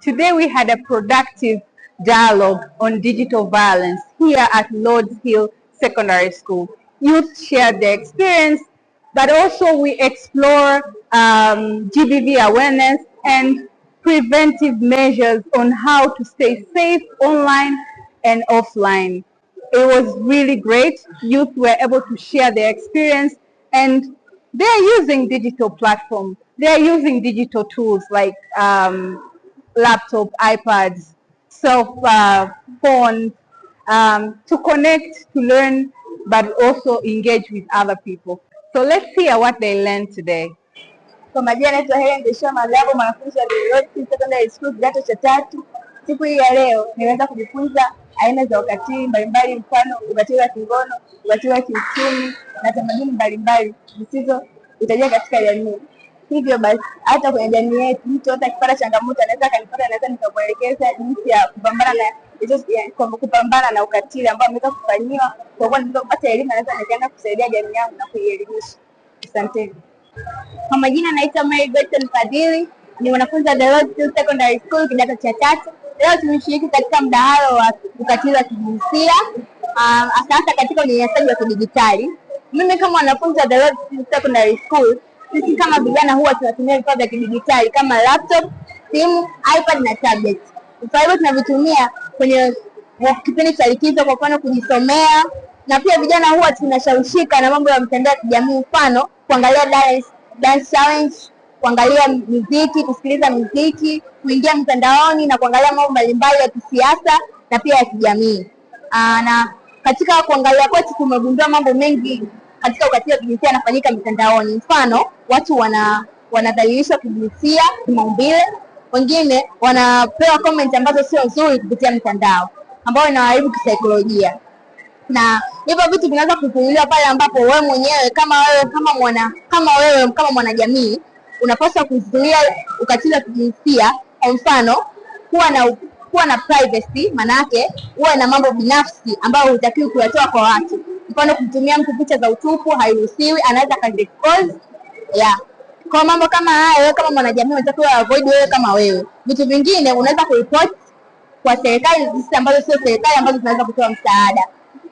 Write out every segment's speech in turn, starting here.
Today we had a productive dialogue on digital violence here at Lord's Hill Secondary School. Youth shared their experience, but also we explore um, GBV awareness and preventive measures on how to stay safe online and offline. It was really great. Youth were able to share their experience and they're using digital platforms. They're using digital tools like um, laptop, iPads, self uh, phones, um, to connect, to learn, but also engage with other people. So let's hear what they learned today. Kwa majina Helen mwanafunzi wa Secondary School kidato cha tatu. Siku hii ya leo nimeweza kujifunza aina za ukatili mbalimbali, mfano ukatili wa kingono, ukatili wa kiuchumi na tamaduni mbalimbali katika jamii. Hivyo basi hata kwenye jamii yetu mtu hata akipata changamoto anaweza akanipata, naweza nikamwelekeza jinsi ya kupambana na kupambana na ukatili ambao ameweza kufanyiwa. Kwa kuwa nimeweza kupata elimu, naweza nikaenda kusaidia jamii yangu na kuielimisha. Asanteni. Kwa majina anaitwa Mary Berton Fadhili, ni mwanafunzi wa The Secondary School kidato cha tatu. Leo tumeshiriki katika mdahalo wa ukatili wa kijinsia hasahasa ah, katika unyanyasaji wa kidijitali. Mimi kama wanafunzi wa The Secondary School sisi kama vijana huwa tunatumia vifaa vya kidijitali kama laptop, simu, iPad na tablet. Vifaa hivyo tunavitumia kwenye kipindi cha likizo, kwa mfano kujisomea, na pia vijana huwa tunashawishika na mambo ya mtandao ya kijamii, mfano kuangalia dance, dance challenge, kuangalia muziki, kusikiliza muziki, kuingia mtandaoni na kuangalia mambo mbalimbali ya kisiasa na pia ya kijamii. Na katika kuangalia kwetu tumegundua mambo mengi katika ukatili wa kijinsia anafanyika mitandaoni. Mfano, watu wana wanadhalilishwa kijinsia, kimaumbile, wengine wanapewa comment ambazo sio nzuri kupitia mtandao ambayo inawaharibu kisaikolojia, na hivyo vitu vinaweza kuzuiliwa pale ambapo wewe mwenyewe kama wewe kama mwana kama wewe kama mwanajamii unapaswa kuzuia ukatili wa kijinsia. Kwa mfano, kuwa na kuwa na privacy, maana yake uwe na mambo binafsi ambayo hutakiwi kuyatoa kwa watu mfano kumtumia mtu picha za utupu hairuhusiwi, anaweza akaziexpose yeah. Kwa mambo kama haya, wewe kama mwanajamii unatakiwa avoid wewe kama wewe. Vitu vingine unaweza kuripoti kwa serikali zisizo ambazo sio serikali ambazo zinaweza kutoa msaada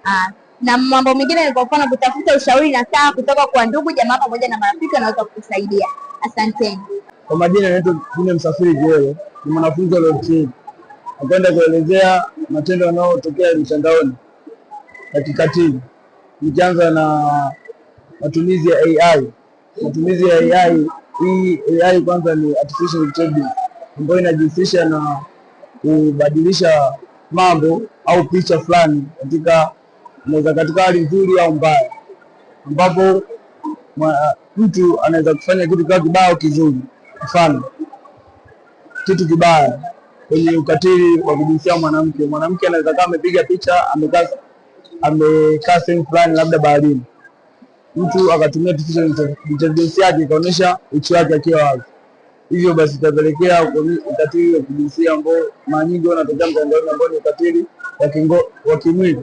ah. Na mambo mengine ni kwa mfano kutafuta ushauri na saa kutoka kwa ndugu jamaa pamoja na marafiki wanaweza kukusaidia. Asanteni. Kwa majina yetu Kune Msafiri Jele, ni mwanafunzi wa LOT. Napenda kuelezea matendo yanayotokea mitandaoni ya kikatili. Nikianza na matumizi ya AI, matumizi ya AI hii AI kwanza ni artificial intelligence ambayo inajihusisha na kubadilisha mambo au picha fulani katika inaweza katika hali nzuri au mbaya, ambapo mtu anaweza kufanya kitu kiwa kibaya au kizuri. Mfano, kitu kibaya kwenye ukatili wa kujinsia mwanamke, mwanamke anaweza kama amepiga picha amekaa amekaa sehemu fulani labda baharini, mtu akatumia artificial intelligence yake ikaonyesha uchi wake akiwa wazi, hivyo basi itapelekea ukatili wa kijinsia ambao mara nyingi unatokea mtandaoni ambao ni ukatili wa kimwili.